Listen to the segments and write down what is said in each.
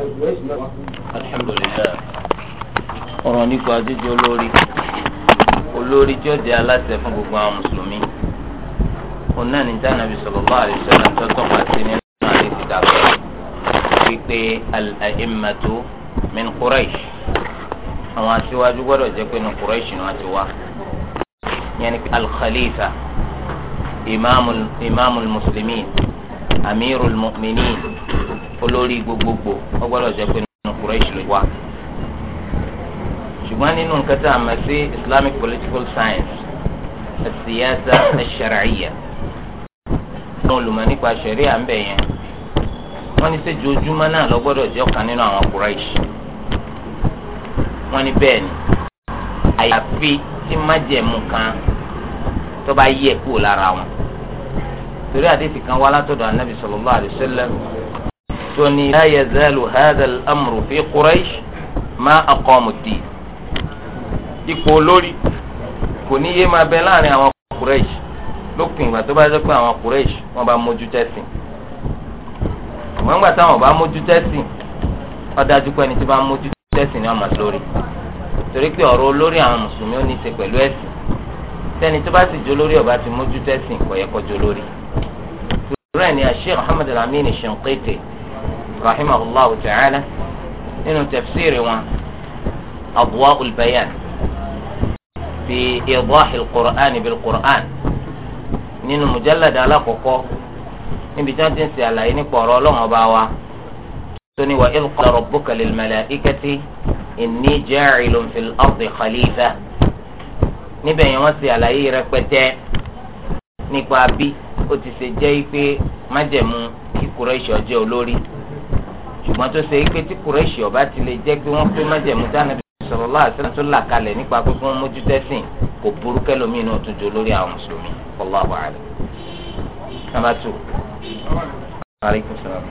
الحمد لله، nípa jíjẹ جلوري، olórí tí ó di aláṣẹ fún gbogbo àwọn mùsùlùmí òun náà ní dáná bí sallallahu alaihi wasallam tó tọ́ka sí nínú àlè ti dàgbà wípé al-a'immatu min Quraysh àwọn aṣíwájú gbọ́dọ̀ jẹ́ pé ní Quraysh ni wọ́n ti wá yẹn ni pé al imaamul muslimin amirul mu'minin olórí gbogbogbò ó gbọ́dọ̀ jẹ́ pé nínú Quraysh ló wà. ṣùgbọ́n nínú nǹkan tá a mọ̀ sí Islamic political science as-siyasa ash-shar'iyya àwọn olùmọ̀ nípa ṣẹ̀ríà ń bẹ̀ yẹn wọ́n ní sẹ́jú ojúmọ́ náà ló gbọ́dọ̀ jẹ́ ọ̀kan nínú àwọn Quraysh wọ́n ní bẹ́ẹ̀ ni àyàfi tí májẹ̀mú kan tó bá yẹ kúrò lára wọn torí àdéhùn kan wá látọ̀dọ̀ anábì sallallahu alaihi wasallam tó ní la yazalu hadha al-amru fi Quraysh ma aqamu ad-din ipò olórí kò ní yé máa bẹ láàrin àwọn Quraysh lópin ìgbà tó bá jẹ́ pé àwọn Quraysh wọ́n bá mójú tẹ́sìn wọ́n gbà táwọn bá mójú tẹ́sìn ó dájú pé ẹni tí bá mójú tẹ́sìn ni wọ́n máa lórí torí pé ọ̀rọ̀ olórí àwọn mùsùlùmí ó ní í ṣe pẹ̀lú ẹ̀sìn tẹ́ni tó bá sì jó lórí ọba ti mójú tẹ́sìn kò yẹ kó jó lórí. ìrora ẹni Sheikh Muhammad Al-Amin Shinqiti rahimahullahu ta'ala nínú tafsiri wọn adwa'ul bayan fi idahi alqur'an bil qur'an nínú mujallada alakoko níbi tí wọn ti ń ṣe àlàyé nípa ọ̀rọ̀ Ọlọ́run ọba wa tó ní wa idh qala rabbuka lil malaikati inni ja'ilun fil ardi khalifa níbẹ̀ yẹn wọ́n ṣe àlàyé rẹpẹtẹ nípa bí ó ti ṣe jẹ́ pé májẹ̀mú kí Quraish ó jẹ́ olórí ṣùgbọ́n tó ṣe pé tí kùrẹ́ṣì ọba ti lè jẹ́ pé wọ́n pé májẹ̀mú dánàbí sallallahu alaihi wasallam tó là kalẹ̀ nípa pé kí wọ́n mójú tẹ́sìn kò burú kẹlòmí inú tún jọ lórí àwọn mùsùlùmí wallahu a'lam. nàbà tù. aleykum salaam.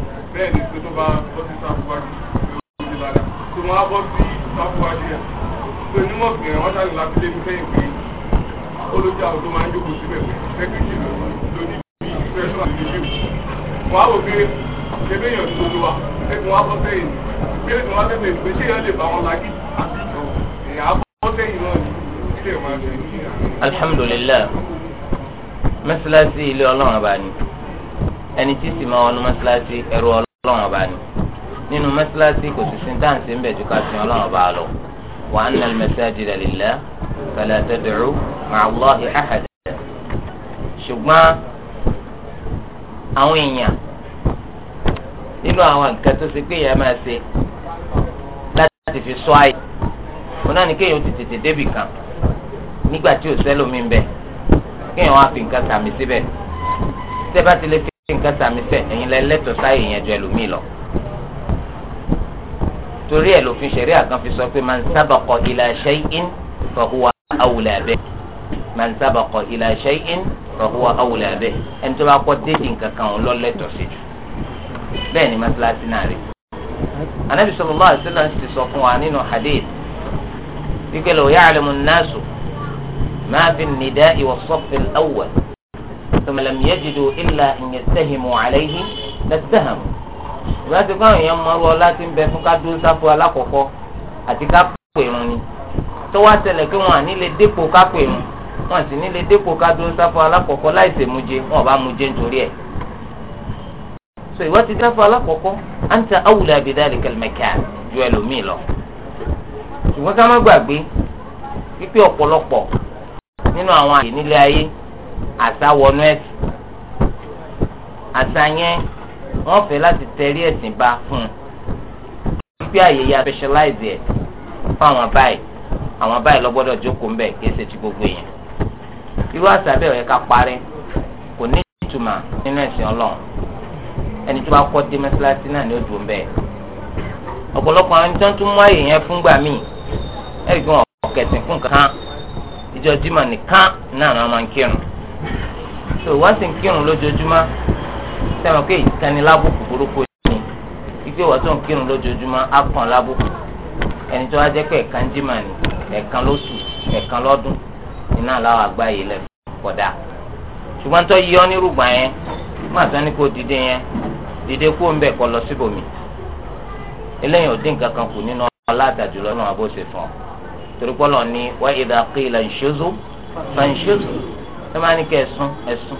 ó bẹ́ẹ̀ ni pé tó bá bọ́ sí sáfúwájú ló ti lára tó máa bọ́ sí sáfúwájú yẹn pé nímọ̀ pé wọ́n ṣàlè lápílẹ̀ ní sẹ́yìn pé olójà tó máa ń jókòó síbẹ̀ pé sẹ́kìtì bí ìfẹ́sọ̀ àti ìlú wọn á wò pé ṣẹbẹ́ èèyàn tó lọ wa ẹkùn wa bọ́ sẹ́yìn bí ẹkùn wa tẹ̀lé pé ṣé èèyàn lè bá wọn lágì àti ìyá alhamdulilayi mẹsàlásì ilé Ọlọ́run abani ẹni tí sì máa wọnú mẹsàlásì ẹrú Ọlọ́run ọlọ́run ọba ni nínú mẹ́sàlásì kò sì sin dáǹsì ń bẹ̀ ju ká sin ọlọ́run ọba lọ wa anna al-masajida lillah fala tad'u ma'a Allahi ahada ṣùgbọ́n àwọn èèyàn nínú àwọn nǹkan tó ṣe pé èèyàn máa ṣe láti fi sọ àyè wọn náà ní kéèyàn ti tètè débì kan nígbà tí ò sẹ́lómi ń bẹ kéèyàn wá fi nǹkan sàmì síbẹ̀ tẹ́ bá ti lè fi nǹkan sàmì sẹ ẹ̀yin lẹ lẹ́tọ̀ọ́ sáyè yẹn ju ẹlòmíì lọ torí ẹ lòfin ṣẹ̀ríà kan fi sọ pé man sabaqa ila shay'in fa huwa awla bih man sabaqa ila shay'in fa huwa awla bih ẹni tó bá kọ́ déèdì nǹkan kan òun lọ lẹ́tọ̀ọ́ sí jù bẹ́ẹ̀ ni mọ́sálásí náà rí anabi sallallahu alaihi wasallam ti sọ fún wa nínú hadith wípé law ya'lamu an-nasu ma fi an-nida'i was-saff ثم لم يجدوا إلا أن يتهموا عليه لاتهموا ìgbà tí káwọn èèyàn mọ ọrú ọlá tí ń bẹ fún ká dúró sáfù alákọ̀ọ́kọ́ àti ká pè irun ni tó wá ṣẹlẹ̀ kí wọn à nílé dépò ká irun wọn sì nílé dépò ká sáfù alákọ̀ọ́kọ́ láì ṣèmúje wọn ò bá mú nítorí ẹ̀. so ìwọ ti sáfù alákọ̀ọ́kọ́ à ń ta awùlẹ̀ àbídàlẹ̀ kẹlẹ́mẹ̀kẹ́ ju ẹlòmíì lọ. ṣùgbọ́n ká má gbàgbé wípé ọ̀pọ̀lọpọ̀ nínú àwọn àyè nílé ayé àṣà wọnú ẹ̀sìn àṣà yẹn wọ́n fẹ́ láti tẹrí ẹ̀sìn bá fún un pípé àyè ya specialize ẹ̀ fún àwọn báyìí àwọn báyìí ló gbọ́dọ̀ jókòó ńbẹ̀ kì í ṣe ti gbogbo èèyàn irú àṣà bẹ́ẹ̀ ó yẹ ká parí kò ní ìtumọ̀ nínú ẹ̀sìn ọlọ́run ẹni tó bá kọ́ dé mẹ́sálásí náà ni ó dùn bẹ́ẹ̀ ọ̀pọ̀lọpọ̀ àwọn tó ń tún mú àyè yẹn fún gbà míì ẹ̀rí kí wọ́n kẹ̀sìn fún kankan ìjọ jimá nìkan náà ni wọ́n máa ń kírun tó wọ́n sì ń kírun lójoojúmọ́ sẹ́wọ̀n pé ìkànnì lábùkù burúkú ni ìgbé wọ́n tó ń kírun lójoojúmọ́ á kàn lábùkù ẹni tó wá jẹ́ pé ẹ̀ka ń jìmà ní ẹ̀kan lóṣù ẹ̀kan lọ́dún iná láwọn àgbáyé lẹ̀ kọ̀dà ṣùgbọ́n tó yí ọ nírúgbà yẹn máa tán ní kó dìde yẹn dìde kó ń bẹ̀ kọ́ lọ síbòmí eléyìí ò dín kankan kù nínú ọlọ́dàjú lọ́nà àbóṣe fún ọ torí pé Ọlọ́run ní wa idha qila inshuzu fanshuzu ẹ máa ní kẹ ẹsùn ẹsùn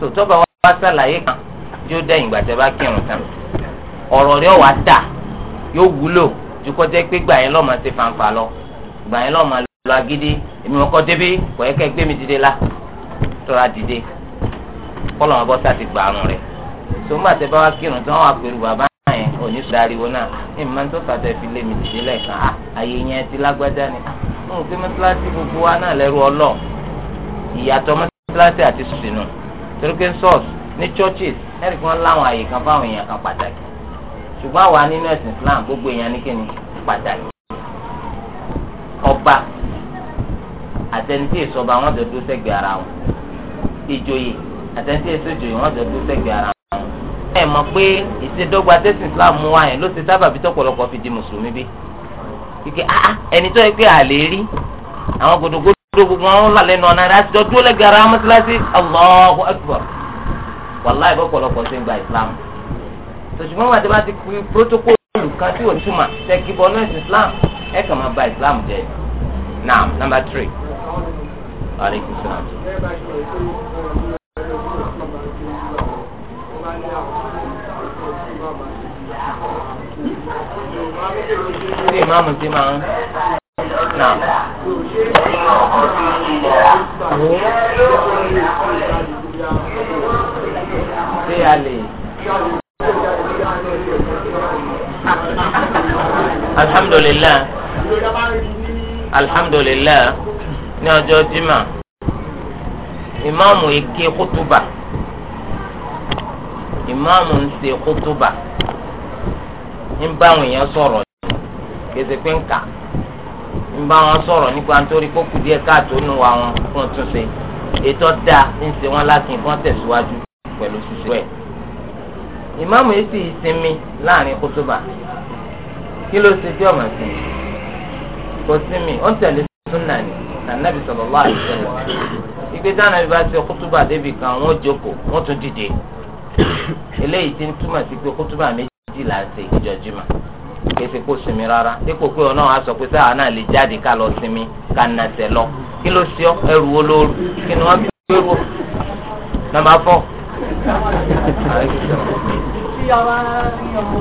sòtọ́ba wa sàlàyé kan yóò dẹ́yìn ìgbà tẹ́ bá kírun tán ọ̀rọ̀ rẹ̀ wà dà yóò wúlò ju kọ́ jẹ́ pé gbà yẹn lọ́ọ́ máa ṣe fanfa lọ gbà yẹn lọ́ọ́ máa lọ agídí èmi wọn kọ́ débí kò yẹ kẹ́ gbé mi dìde la tọ́ra dìde kọ́lọ̀ wọn bọ́ sá ti gbà àrùn rẹ̀ sòmùgbà tẹ́ bá wa kírun tán wà pẹ̀lú bàbá yẹn òní sùdáriwo náà ní màá ìyàtọ̀ mọ́tíláṣí àti sùnù turkish source ní churches ẹ̀rí kan láwọn àyè kan fáwọn èèyàn kan pàtàkì ṣùgbọ́n àwa nínú ẹ̀sìn Islam gbogbo èèyàn ní kíni pàtàkì ọba àtẹnitì ìsọba wọn jọ dúró sẹ́gbẹ̀ẹ́ ara wọn ìjòyè àtẹnitì ìsọjòyè wọn jọ dúró sẹ́gbẹ̀ẹ́ ara wọn. ẹ mọ̀ pé ìṣèdọ́gba tẹ̀sìn Islam mú wa yẹn ló ti sábà bí tọ́pọ̀lọpọ̀ fi di mùsùlùmí bí. ike ah ẹni tó yẹ pé àlè rí àwọn gbogbo dúró gbogbo àwọn lálẹ́ nù ọ̀nà àti jọ dúró lẹ́gbẹ̀ẹ́ ara mọ́sálásí Allahu Akbar wàláì bọ́pọ̀lọpọ̀ ṣe ń gba Islam tòṣùgbọ́n wà tí wọ́n ti fi protocol kan tí ò túmọ̀ tẹ́kí bọ́ náà Islam ẹ̀ kàn máa ba Islam jẹ́ náà nàmbà tírì. Aleykum salaam. Ṣé ìmáàmù ti máa ń? ṣé a lè. alhamdulilayi alhamdulilayi ní ọjọ́ jimá ìmáàmù èké kútúbà ìmáàmù ń ṣe kútúbà ń bá àwọn èèyàn sọ̀rọ̀ kí ẹ ti pín kà ń bá wọn sọ̀rọ̀ nípa nítorí kó kù díẹ̀ káàtó nù wa wọn fún un túnṣe ètò dáa ń ṣe wọn láti nǹkan tẹ̀síwájú pẹ̀lú ṣíṣe ẹ̀. ìmáàmù yìí sì sinmi láàrin kótóbà kí ló ṣe tí ọmọ sí i kò sinmi ó ń tẹ̀lé súnà ní ànábì sallallahu alaihi wasallam ìgbé táwọn ẹbí bá ṣe kótóbà débi kan wọn jókòó wọn tún dìde eléyìí ti túmọ̀ sí pé kótóbà méjì là ń ṣe ìjọ́júmọ́ kéésì kó sinmi rárá dípò pé ọ náà á sọ pé sáà náà lè jáde ká lọ sinmi ká nàṣẹ lọ kí ló ṣe ọ ẹrù wo lóru kí ni wọn fi gbé wo nàmbà fọ. a bá ní ọmọ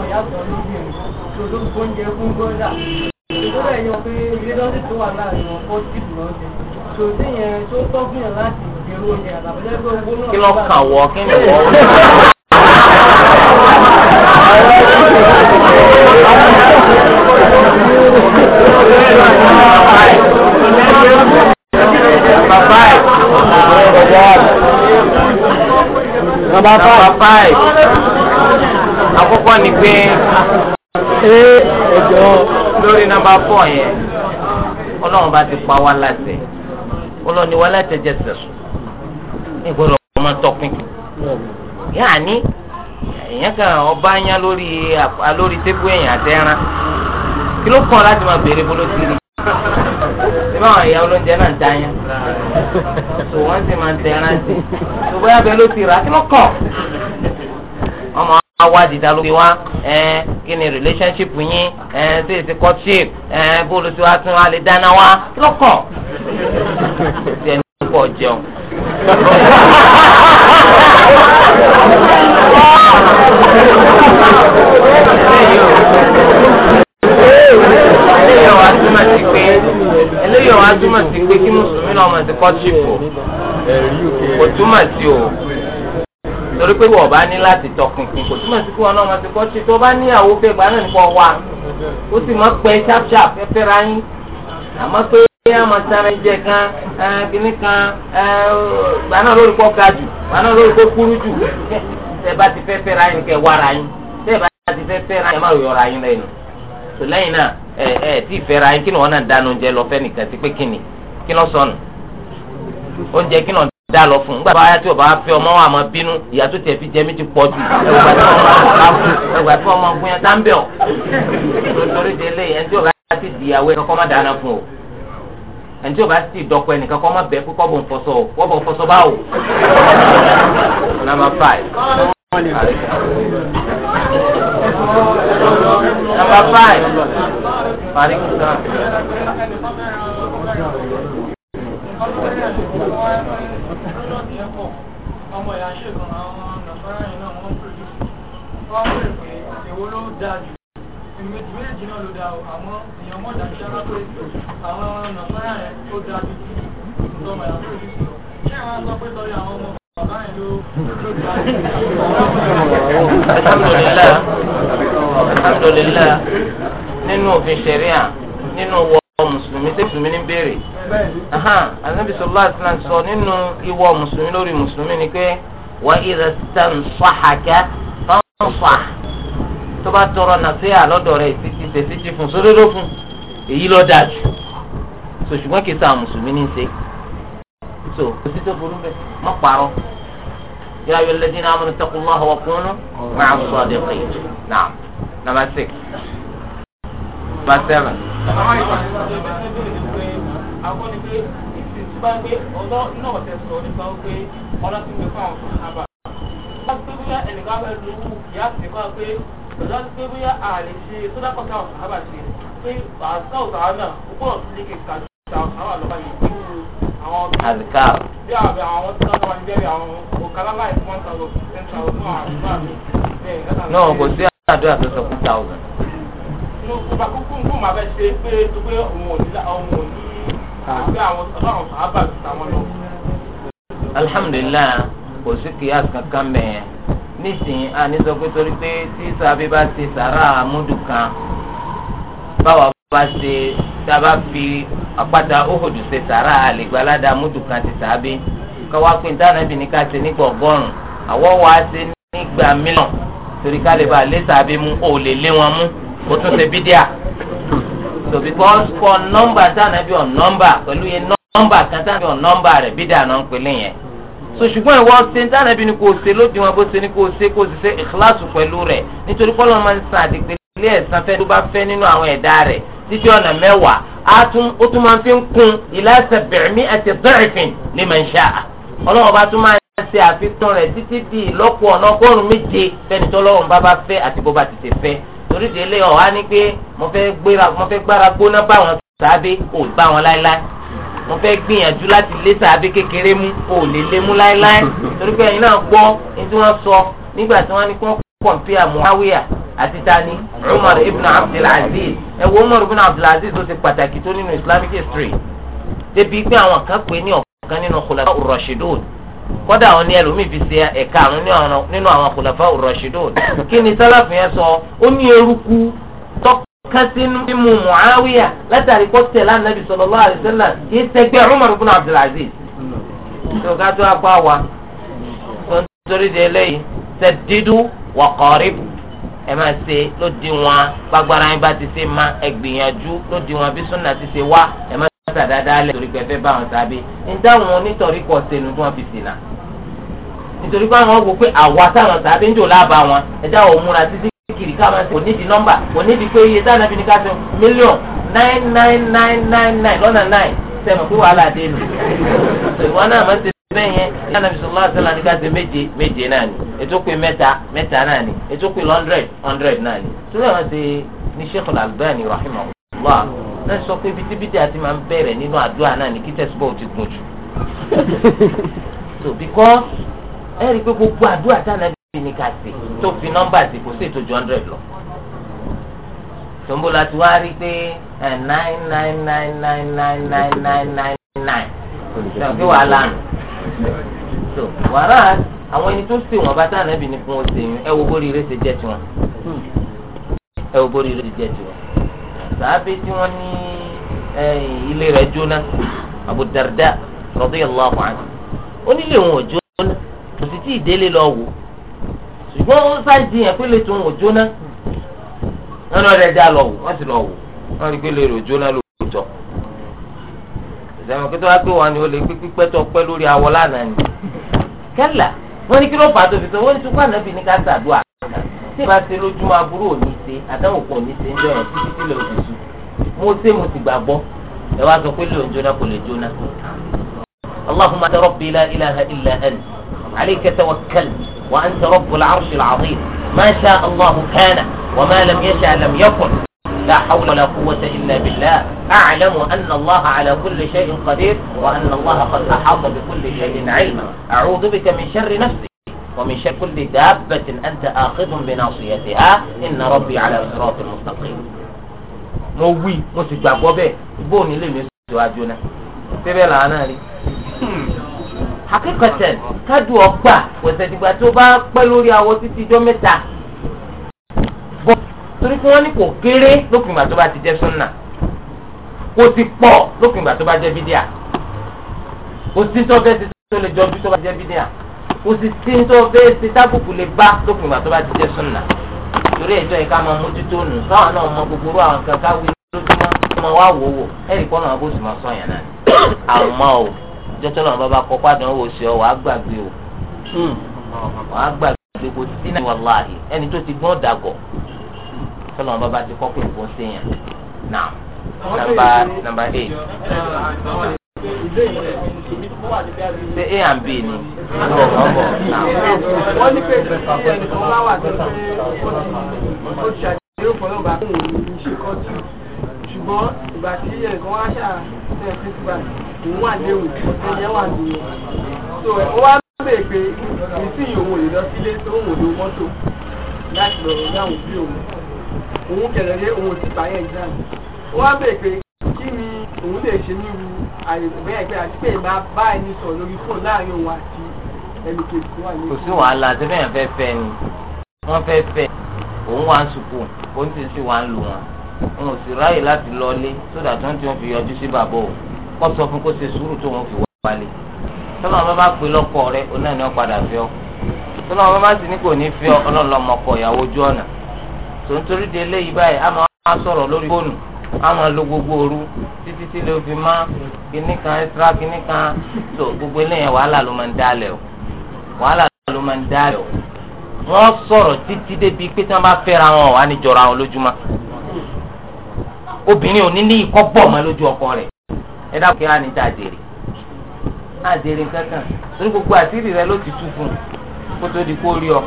ìyá sọ lórí ẹ̀ tó tó gbóúnjẹ fún gbọ́dà ìjọba ẹ̀yàn pé ilé lọ́sìn tó wà láàrin wọn kọ́ sí ìdúróṣe tó sí yẹn tó tọ́ fún kí ló kà wọ́ kí ni wọ́n. five àkọ́kọ́ ni pé lórí nọ́mbà four yẹn ọlọ́run bá ti pa wá láṣẹ ọlọ́run ni wá láti jẹ sẹ̀sùn ní ìgbọ́dọ̀ ọmọ tọpin yáàní èèyàn kan ọba yẹn lórí lórí tébù èèyàn àtẹ́rán kí ló kàn láti máa béèrè bó ló ti rí ìmọ̀ àwọn ìyá olóúnjẹ náà ń ta yẹn tó wọ́n sì máa ń tẹ ẹran sí tó bóyá bẹ́ẹ̀ ló ti rà kí ló kọ̀ ọmọ awa dìda ló fi wá ẹ kí ni relationship yín ẹ tó yẹ ti courtship ẹ bóòlù tí wàá tún wá lè dáná wá kí ló kọ̀ tí ẹni tó jẹun. Thank you. eléyìí yọ á túmọ̀ sí pé kí mùsùlùmí náà ọmọ ti kọ́ chìpò kò túmọ̀ sí o torí pé wọ́n bá ní láti tọpinpin kò túmọ̀ sí pé wọn náà ti kọ́ chìpò tó bá níyàwó fẹ́ gbà náà nípa wa ó sì ma pé yín àmọ́ pé máa sára ẹjẹ kan kan gbà náà lórí kọ́ ga jù gbà náà lórí kọ́ kúrú jù bá ti yín wára yín bá ti yín tó lẹ́yìn náà ẹ ẹ tí ìfẹ́ra yín kí ni wọ́n náà dánu lọ fẹ́ nìkan sí pé kí ni kí sọnù oúnjẹ kí dá lọ fún un gbàgbọ́ ayé tí o bá fẹ́ ọmọ wa máa bínú ìyá tó tẹ̀ fi jẹ mí ti pọ̀ jù ẹgbà tí ẹni tí o bá ti di ìyàwó ẹni kọ́kọ́ má dáná fún o ẹni tí o bá ti bẹ̀ kọ́ bọ̀ ń Number five. Parikusan. Ọmọ ìyá ṣe kan àwọn nàfẹ́rẹ́ yìí náà wọ́n pèrè wọ́n pèrè pé èwo ló dáa jù ìmẹ̀jì méjì náà ló dáa àwọn èèyàn mọ̀dà iṣẹ́ lápẹ́ àwọn nàfẹ́rẹ́ yẹn ó dáa jù tó ọmọ ìyá pèrè sọ. Ṣé ìwọ̀n sọ pé sọ yà àwọn ọmọ alhamdulilayi alhamdulilayi nínú òfin ṣẹ̀ríà nínú wọ mùsùlùmí tí mùsùlùmí ní béèrè anabi sọlá àtìlá sọ nínú ìwọ mùsùlùmí lórí mùsùlùmí ni pé wà ìrẹ sàn fàhàkà fàǹfà tó bá tọrọ nàṣẹ́yà lọ́dọ̀ rẹ̀ títí tẹ̀síjì fún sódódó fún èyí lọ́ọ́ dájú sòṣùgbọ́n kìí sàn mùsùlùmí ní í ṣe so òsì tó burú bẹ mọ parọ́ yà yọ lẹdí náà amúnú tẹkùn náà wọ kúnú máa ń sọ ọdẹ pé náà nàmbà six nàmbà seven. bá ti gbé bóyá àlè ṣe sódà pọ̀ àwọn ọ̀sán ṣe pé àṣà òtàwọn náà ó pọ̀ sí lékè kàdúrà àwọn àlọ́bàá yìí azikar. bí àbẹ̀ àwọn tí wọ́n wà níbẹ̀ àwọn òkàlà láì fún one thousand ten kò sí àdúrà tó sọ two thousand. ọba kúkú ń màá bẹ ṣe pé tó pé òun ò ní òun ò ní ah. àwọn ọlọ́run sábà ti tàwọn alhamdulilayi kò sí kìyà kankan mẹ́ẹ̀ nísìnyí a ní sọ pé torí pé tí sábẹ́ bá ti sàrà àmúdù kan báwa bá ṣe tá a bá fi àpáta òhòdù ṣe sàrà àlègbà ládàá múdù kan ti sàábé káwá pé dáná bì ní ká ṣe nígbà ọgọ́rùn-ún àwọ̀ wá ṣe nígbà mílíọ̀n torí ká lè bá lé sàábé mú ò lè lé wọn mú kó tún ṣe bídíà so because for nọ́mbà dáná bí ọ̀ nọ́mbà pẹ̀lú yẹn nọ́mbà kan dáná bí ọ̀ rẹ̀ bídíà náà ń pèlè yẹn so ṣùgbọ́n ìwọ ṣe ń dáná bí ni kò ṣe lóde wọn bó ṣe ni kò ṣe kò sì ṣe ìkíláàsù pẹ̀lú rẹ̀ nítorí pọ́lọ́mọ ń sàn àdìgbélé ẹ̀sán fẹ́ tó bá títí ọ̀nà mẹ́wàá á tún ó tún máa fi ń kún ila sab'mi'ati dha'fin liman sha'a ọlọ́wọ́ bá tún máa ṣe àfikún rẹ̀ títí di ìlọ́pọ̀ ọ̀nà ọgọ́rùn-ún méje fẹ́ni tọ́lọ́wọ́n bá bá fẹ́ àti bó bá ti ṣe fẹ́ torí ti ilé ọ̀há ni pé mo fẹ́ gbára gbóná bá wọn sàábé kò bá wọn láéláé mo fẹ́ gbìyànjú láti lé sàábé kékeré mú kò lè lé mú láéláé torí pé ẹ̀yin náà gbọ́ àti tani umar ibn abdulaziz ẹ wo umar ibn abdulaziz tó ti pàtàkì tó nínú islamic history débi pé àwọn kan pè ní ọ̀kan nínú khulafa ur-rashidun kódà àwọn ní ẹlòmíì fi ṣe ẹ̀ka àrùn nínú àwọn khulafa ur-rashidun kí ni sálàfù yẹn sọ ó ní eruku tọ́ka sínú mímu muawiya látàrí kó tẹ̀lé anabi sallallahu alaihi wasallam kì í ṣẹgbẹ́ umar ibn abdulaziz tó ká tó apá wa tó ń torí de eléyìí sadidu wa qarib ẹ máa ṣe lóde wọn gbàgbára yín bá ti ṣe má ẹ gbìyànjú lóde wọn bí súnà ti ṣe wá ẹ má ṣe àdáadáa lẹ torí pé ẹ fẹ́ bá wọn sábẹ́ ń dáhùn onítọ̀rí kọ̀ sẹ́nu tí wọ́n fi sìn náà nítorí pé àwọn wò pé àwa táwọn sábẹ́ ń jò lába wọn ẹ dá òun múra títí kiri ká máa ṣe kò nídìí nọ́mbà kò nídìí pé iye táwọn abìnrin ṣe mílíọ̀n nine nine nine nine nine lọ́nà nine sẹ́mi pé wàhálà dé nù ìwọ náà máa ṣe bẹ́yẹn lánàbí sọlá sọlá ní káṣí méje méje náà ni ètò pé mẹ́ta mẹ́ta náà ni ètò pé hundred hundred náà ni sọlá wọn ṣe ní sheikh al-Albani rahimahullah náà sọ pé bitibiti àti máa ń bẹ̀rẹ̀ nínú àdúrà náà ni kí tẹ̀síbọ̀ ti gùn jù so because ẹ rí i pé gbogbo àdúrà tá ànábì ní ká ṣe tó fi nọ́mbà sí kò sí ètò ju hundred lọ tòǹbù láti wá rí pé eh, nine nine nine nine nine nine nine nine nine kò sí wàhálà nù wàrà àwọn ẹni tó sè wọn bàtà nàbì ní fún ọsẹ yìí ẹ wo bórí rẹ ṣe jẹ tiwọn ẹ wo bórí rẹ ṣe jẹ tiwọn sàábé tí wọn ní ilé rẹ jóná Abu Darda radiyallahu anhu onílé wọn ò jóná kò sì tí ìdílé lọ wò ṣùgbọ́n ó sáàjì yẹn pélé tí wọn ò jóná wọn lọ rẹ dá lọ wò wọn sì lọ wò wọn rí pélé rẹ ò jóná lò ìsẹ̀wọ̀n kí tó wá pé wọn ni ó lè pípẹ́ tó pẹ́ lórí awọ lánàá ni. kẹ́là wọ́n ní kí ló fà á tó fi sọ wọ́n ní sọ́kọ́ ànábì ní ká ṣàdúrà tí ìbá ṣe lójúmọ́ aburú òní ṣe àdáwò kan òní ṣe ń jọyọ̀ títí tí lòun mo ṣe mo ti gbàgbọ́ ẹ wá sọ pé lòun jóná kò lè jóná. اللهم انت ربي لا اله الا انت عليك توكلت وانت رب العرش العظيم ما الله كان وما لم يشاء لم يكن لا حول ولا قوة إلا بالله أعلم أن الله على كل شيء قدير وأن الله قد أحاط بكل شيء علما أعوذ بك من شر نفسي ومن شر كل دابة أنت آخذ بناصيتها إن ربي على صراط مستقيم mo wí mo sì gbàgbọ́ bẹ́ẹ̀ bó ni lèmi sọ àjò náà síbẹ̀ làwọn náà rí. akẹ́kọ̀ọ́ tẹ̀ kájú ọgbà kò sẹ́dìgbà tó bá pẹ́ lórí awọ títí ijọ́ mẹ́ta torí pé wọ́n ní kò kéré lópin ìgbà tó bá ti jẹ́ súnà kò sì pọ̀ lópin ìgbà tó bá jẹ́ bídíà kò sí sọ́fẹ́ ti tó lè jọjú tó bá jẹ́ bídíà kò sì sí sọ́fẹ́ ti tábùkù lè bá lópin ìgbà tó bá ti jẹ́ súnà torí ẹ̀jọ́ yìí ká máa mójútó nù káwọn náà mọ gbogbo rú àwọn kankan wí lójúmọ́ kí wọ́n wá wò wò ẹ̀rì kọ́ náà bó sì máa sọ yẹn náà àmọ́ o jọ́jọ́ lọ́nà bàbá kọ́ pàdán wò sí ọ wàá gbàgbé o hmm. wàá gbàgbé kò sí náà wàláhì tọ́lọ̀ wọn bá ti kọ́ pé ìbò ń sèyàn náà nàmbà nàmbà eight. ṣé a and b ni ọbọ ọbọ wọ́n ní pé ìgbésẹ̀ ẹni tó bá wà tó ṣe ó ti ṣàdéhùn fọlọ́ bá kún un ṣe kọ́ tù ṣùgbọ́n ìgbà tí ẹnìkan wá ṣàtẹ̀ principal òun wà léwu ẹ̀yẹ wà nínú. so ó wá bèèrè pé ìsìn òun ò lọ sílé tó òun ò lo mọ́tò láti lọ rí àwọn òun òun kẹ̀lẹ̀ lé òun ti parí exam ó wá bèè pé kí ni òun lè ṣe nírú àyẹ̀wò bẹ́ẹ̀ pé àti pé máa bá ẹni sọ̀rọ̀ lórí fóònù láàrin òun àti ẹnì kejì tó wà ní. kò sí wàhálà àti bẹ́ẹ̀ fẹ́ fẹ́ ni wọ́n fẹ́ fẹ́ òun wà ń sùkú òun ti sì wà ń lù wọn òun sì ráyè láti lọlé sódà tó ń tí wọ́n fi yọjú sí bàbá òun kọ́ sọ fún kó ṣe sùúrù tó wọ́n fi wá wálé tọ́lá ọba bá pè lọ́kọ rẹ onáà ni wọ́n padà fẹ́ ọ tọ́lá ọba bá sì ní kò ní fẹ́ ọ ọlọ́ọ̀lọ́mọkọ ìyàwó ojú ọ̀nà tòǹtòrí de eléyìí báyìí a máa sọ̀rọ̀ lórí fóònù a máa lo gbogbo òru títí tí lè fi má kíní kan extra kíní kan tó gbogbo eléyìí wàhálà ló máa ń dálẹ̀ o wàhálà ló máa ń dálẹ̀ o wọ́n sọ̀rọ̀ títí débi pé tí wọ́n bá fẹ́ra wọn wà ní jọra wọn lójúmọ́ obìnrin ò ní ní ikọ́ bọ̀ mọ́ lójú ọkọ rẹ̀ ẹ dákun kí á ní tàjèrè àjèrè kankan torí gbogbo àtìrì rẹ ló ti tú fún un kó tó di kó rí ọ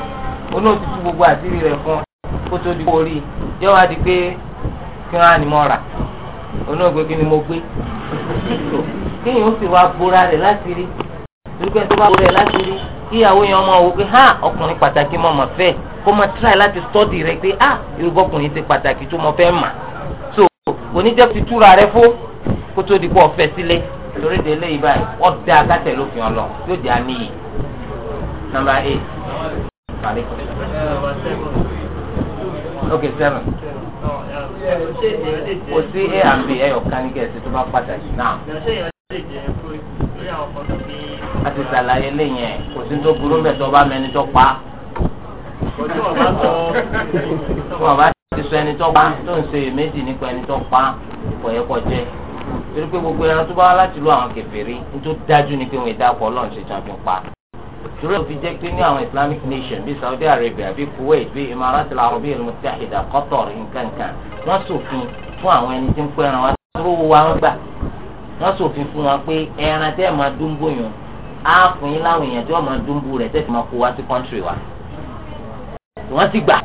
ó náà ti tú gbogbo àtìrì rẹ fún ọ kó tó di orí yóò wá di pé kí wọ́n á ní mọ́ ra onígbè kí ni mo gbé kéèyàn ó sì wá bóra rẹ̀ láti rí irúgbẹ́ tó bá bóra rẹ̀ láti rí kíyàwó yẹn ọmọ wò pé ha ọkùnrin pàtàkì mọ̀ mọ̀ fẹ́ kó mọ̀ tíráì láti sọ́ọ̀dì rẹ̀ pé ha ah! irúgbọ́kùnrin ti pàtàkì tó mọ̀ fẹ́ mà so oníjẹ́ ti túra rẹ̀ fó kó di pọ̀ fẹ́ sílẹ̀ torí de lé ibà yìí wọ́n da akátẹ̀ lófin ọlọ yóò di àníyì nàmbà eight ok seven. kò sí a and b ẹyọ kan ní kẹsì tó bá pàtàkì náà. a ti ṣàlàyé lẹ́yìn kò sí tó burú bẹ̀ tó bá mẹni tó pa. wọ́n bá ti sọ ẹni tó pa tó ń ṣe èméjì nípa ẹni tó pa kò yẹ kó jẹ́ torí pé gbogbo ẹran tó bá wá láti lu àwọn kèfèrí nítorí dájú ni pé wọn ìdáko Ọlọ́run ṣe jàǹfin pa turu òfin jẹ́ pé ní àwọn islamic nation bíi saudi arabia bíi kuwait bíi imarat al-arabiya al-muttahida qatar nkankan wọ́n ṣòfin fún àwọn ẹni tí ń pẹ́ ẹran wá lówó wa ń gbà wọ́n ṣòfin fún wọn pé ẹran tẹ́ ẹ̀ máa dúnbò yàn á fún yín láwọn èèyàn tí wọ́n máa dúnbò rẹ̀ tẹ́ ẹ̀ máa kó wá sí kọ́ńtírì wa wọ́n ti gbà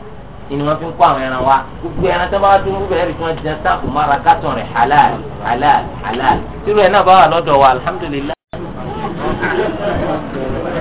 ni wọ́n fi ń kó àwọn ẹran wa gbogbo ẹran tẹ́ bá dúnbò bẹ̀rẹ̀ tí wọ́n ti dán sáàpù mára kátàn rẹ̀ halal halal halal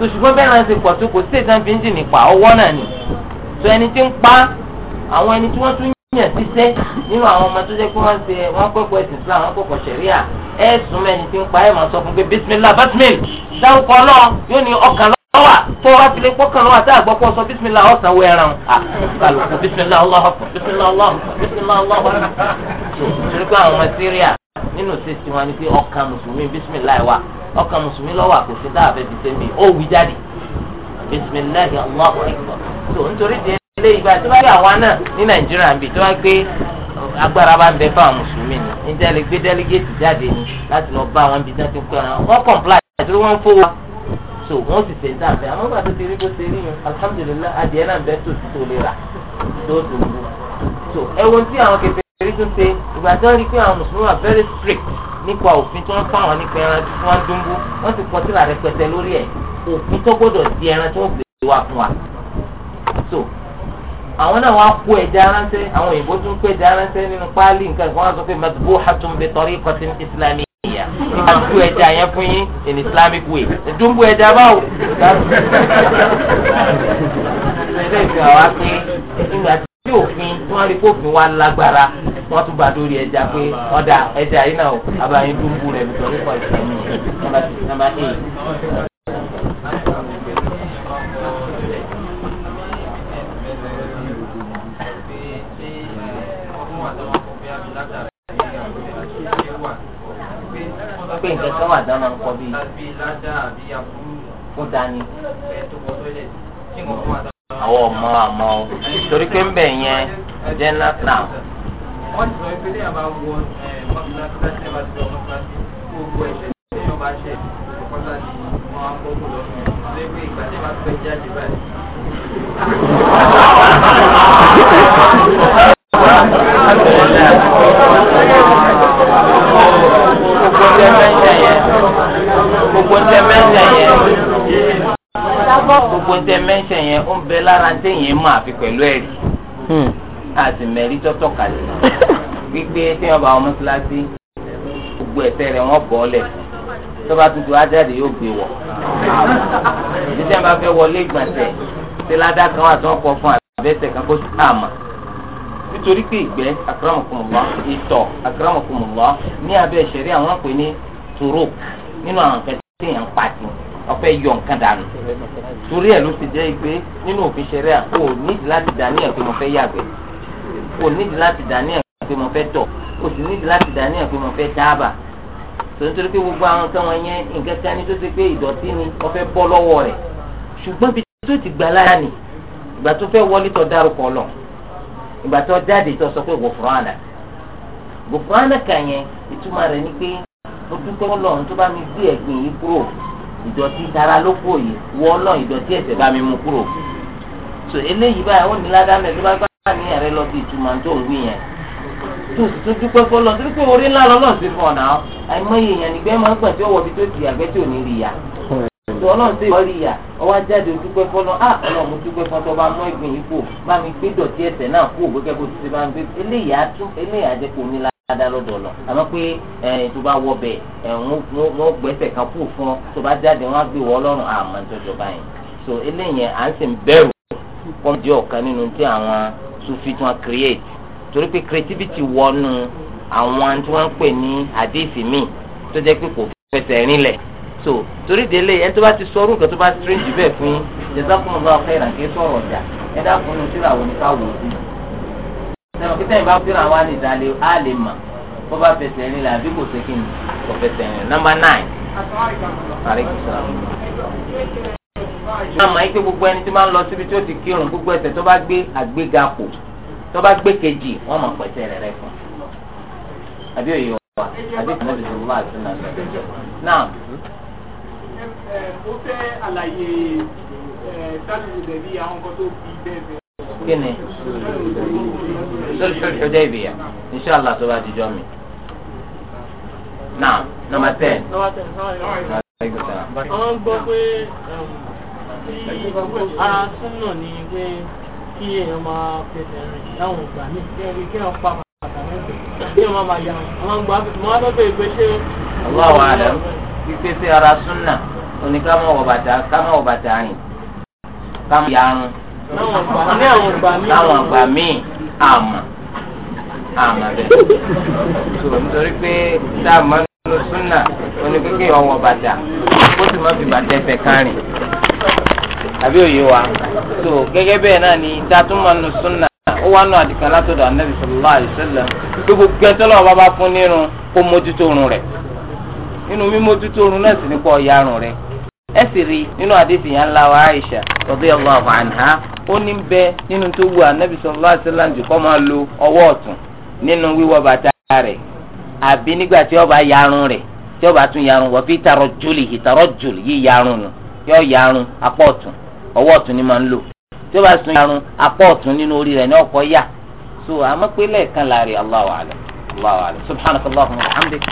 so ṣùgbọ́n bẹ́ẹ̀ náà ṣe pọ̀ tó kò sí ìtàn fi ń dì nípa ọwọ́ náà ni so ẹni tí ń pa àwọn ẹni tí wọ́n tún yàn síṣẹ́ nínú àwọn ọmọ tó jẹ́ pé wọ́n ṣe wọ́n kọ́kọ́ ẹ̀sìn Islam wọ́n kọ́kọ́ ṣẹ̀ríà ẹ̀ sùn mẹ́ni tí ń pa ẹ̀ máa sọ fún pé bísímìlá bátìmìl dárúkọ náà yóò ní ọkàn lọ́wà tó wá tilé pọ́kàn lọ́wà tá àgbọ̀ pọ̀ sọ bísímìlá ọ̀sán wọ ẹran àlùkò bísímìlá ọlọ́hàn bísímìlá ọlọ́hàn bísímìlá ọlọ́hàn. torí pé àwọn ọmọ Síríà nínú ṣe tiwọn ni pé ọkàn mùsùlùmí bísímìlá ẹ̀ wà ọkàn mùsùlùmí lọ́wọ́ àkòsí tá a fẹ́ fi ṣe mí ó wí jáde bisimilahi allahu akbar tó nítorí di ilé ìgbà tí wọ́n yà wá náà ní nàìjíríà ń tí wọ́n gbé agbára bá ń bẹ fáwọn mùsùlùmí ni ní dẹ́lẹ̀ gbé dẹ́lẹ́gẹ́tì jáde ni láti lọ bá àwọn bìtẹ́ tó wọ́n kọ̀ǹpláì àdúró wọn fowó so wọ́n sì fẹ́ dáa bẹ́ àwọn tó ti rí bó ṣe rí yẹn alhamdulilayi adìẹ náà bẹ́ẹ̀ tó ti tó lè rà tó tó lù so ẹ̀wọ̀n tí àwọn kẹfẹ́ èyí tó ṣe ìgbà tó rí pé àwọn mùsùlùmí wà very strict nípa òfin tí wọ́n fún àwọn nípa ẹran tí wọ́n dúnbú wọ́n sì kọ síra rẹpẹtẹ lórí ẹ̀ òfin tó gbọ́dọ̀ di ẹran tó gbèsè wá fún wa. so àwọn náà wá kó ẹja ránṣẹ́ àwọn òyìnbó tún kó ẹja ránṣẹ́ nínú páálí nǹkan kan wọ́n sọ pé madbuhatun bi tariqatin islamiyya nígbà tó ẹja yẹn fún yín in islamic way dúnbú ẹja báwo. ṣe é ṣe àwọn á pé nígbà tí òfin tí wọ́n rí kófin wa lágbára wọ́n tún bá dórí ẹja pé ah, ah. ọ̀dà ẹja yìí náà abayín tó ń bu rẹ̀ lùtọ́ nípa ìsẹ̀mí nàmbà nàmbà eight. pé nǹkan kan wà dáná nǹkan bíi. ó dání. àwọn ọmọ àmọ́ torí pé ń bẹ̀ yẹn jẹ́ náà náà wọ́n ti sọ pé téèyàn bá wọ mọ́kíláṣí láti ẹ̀ bá ti wọ mọ́kíláṣí gbogbo ẹ̀ṣẹ̀ téèyàn bá ṣẹ̀ kọ́lá ni wọ́n á kọ́ kó lọ fún un lẹ́gbẹ̀ẹ́ ìgbà tí wọ́n fẹ́ jáde báyìí. gbogbo ntẹ mẹsẹ yẹn gbogbo ntẹ mẹsẹ yẹn ń bẹ lára ntẹ yẹn mọ àfi pẹ̀lú ẹ̀rí àti mẹ́rí tọ́tọ́ kàlẹ́ wípé tí wọ́n bá wọn mọ́ṣáláṣí gbogbo ẹ̀sẹ̀ rẹ̀ wọ́n bọ́ lẹ̀ tó bá tuntun ajáde yóò gbé wọ̀ títí wọn bá fẹ́ wọlé gbọ̀nsẹ̀ tí ládà kan wà tó ń kọ fún àbẹ́sẹ̀ kan kó sí àmà nítorí pé ìgbẹ́ akramakumullah ìtọ̀ akramakumullah ní abẹ́ ìṣẹ̀rí àwọn pè ní tòró nínú àwọn nǹkan tí èèyàn ń pàtì ọ̀fẹ́ yọ nǹkan dànù torí ẹ̀ ló ti jẹ́ pé nínú òfin ṣẹ̀rí àpò nídìí láti dà ní ẹ̀pẹ́ mo fẹ́ yàgbẹ́ o nídìí láti dàníyàn pé mo fẹ́ tọ̀ o sì nídìí láti dàníyàn pé mo fẹ́ dáàbà tòǹtòrí pé gbogbo àwọn nǹkan wọn yẹn nǹkan kan ní tó ṣe pé ìdọ̀tí ni wọ́n fẹ́ bọ́ lọ́wọ́ rẹ̀ ṣùgbọ́n bí tó ti gbà lára nì ìgbà tó fẹ́ wọlé tó dárúkọ lọ ìgbà tó jáde tó sọ pé gòfúránà gòfúránà kan yẹn ìtumọ̀ rẹ̀ ni pé mo dúpẹ́ ọlọ́run tó bá mi gbé ẹ̀gbìn yìí kúrò ìdọ̀tí tara ló kú òye wọ́ ọlọ́run ìdọ̀tí ẹ̀ṣẹ̀ bá mi mú kúrò so eléyìí báyìí ó ní ládàá mẹ́tọ́ bá gbà wà ní ẹ̀rẹ́ lọ sí ìtumọ̀ tó ń wí yẹn tó sì tó dúpẹ́ fọ́ lọ torí pé orí ńlá lọ́nà sí fún ọ̀nà àìmọye èèyàn nígbẹ́ máa ń gbọ̀n tí ó wọ ibi tó ti àgbẹ́ tí ò ní rí ya tó ọlọ́run tó ìwọ́rí ya ọwọ́ ajáde dúpẹ́ fọ́ lọ á ọlọ́run mo dúpẹ́ fọ́ tó bá mú ẹ̀gbìn yìí kù bá mi gbé dọ̀tí ẹsẹ̀ náà kú òwe kẹ́kọ̀ọ́ ti ti bá ń gbé eléyìí á tún eléyìí á jẹ́ kó ní láda lọ́dọ̀ lọ àmọ́ pé tó bá wọ bẹ̀ wọ́n gbẹ́sẹ̀ kan kú fún tó bá jáde wọ́n á gbé wọ́ ọlọ́run àmọ́ ìjọba yẹn so eléyìí à sì bẹ̀rù kọ́ jẹ́ nínú tí àwọn sufi tí wọ́n create torí pé creativity wọnú àwọn tí wọ́n ń pè ní àdéhìsì míì tó jẹ́ pé kò fẹsẹ̀ rinlẹ̀ so torí délé ẹni tó bá ti sọ orúkọ tó bá strange bẹ́ẹ̀ fún yín jazakumullahu khairan kí sọ̀rọ̀ ọ̀dà ẹ dákun ní síra àwọn oníkà wò sí. sẹ́wọ̀n kí sẹ́yìn bá síra wa ní ìdálẹ́ á lè mà bó bá fẹsẹ̀ rinlẹ̀ àbí kò sẹ́kìn kò fẹsẹ̀ rinlẹ̀. number nine àmọ́ ikpe gbogbo ẹni tí máa ń lọ síbi tí ó ti kírun gbogbo ẹsẹ̀ tó bá gbé àgbéga kù tó bá gbé kejì wọ́n mọ̀ pẹ̀sẹ̀ rẹ̀ rẹ̀ fún àbí òye wa àbí kìnnìún ti sọ̀rọ̀ máa tún náà náà. mo fẹ́ àlàyé sálùú dẹ̀bí àwọn nǹkan tó fi bẹ́ẹ̀ bẹ́ẹ̀. kí ni sọ́lù Hudaybiya inṣàlá tó bá dijọ́ mi. náà nọmba ten. àwọn gbọ́ pé um, ara súnà ni pé kí èèyàn máa fẹsẹ̀ rìn láwọn ìgbà míì kí ẹni kí wọ́n pa pàtàkì ẹ̀sẹ̀ kí wọ́n máa yà wọ́n gba mọ́ lọ́gbẹ̀ ìgbé ṣé. ọwọ́ àwọn àlẹ́ pípé sí ara súnà oní ká mọ̀ bàtà ká mọ̀ bàtà rìn ká mọ̀ yarun láwọn ìgbà míì àmà àmà bẹ́ẹ̀ so nítorí pé dáàmú ló súnà oní kékeré ọwọ́ bàtà ó sì má fi bàtà ẹsẹ̀ àbí òye wa so gẹ́gẹ́ bẹ́ẹ̀ náà ni dátúmọ̀nù súnà ó wà nù àdìkan látọ̀dọ̀ anabi sallallahu alayhi wa sallam gbogbo gbẹ́ntọ́lọ́ ọba bá fún nírun kó mójútó orun rẹ̀ nínú mímójútó orun náà sì ní kó rẹ̀ ẹ sì rí nínú àdìsí yẹn ńlá wa Aisha ó ní bẹ nínú tó wù anabi jù kọ́ máa lo ọwọ́ ọ̀tún nínú ọwọ́ ọ̀tún ni máa ń lò tí ó bá sun yarun apá ọ̀tún nínú orí rẹ̀ ní ọ̀pọ̀ yà so àmọ́ pé lẹ́ẹ̀kan láàrin Allahu a'lam Allahu wa bihamdik.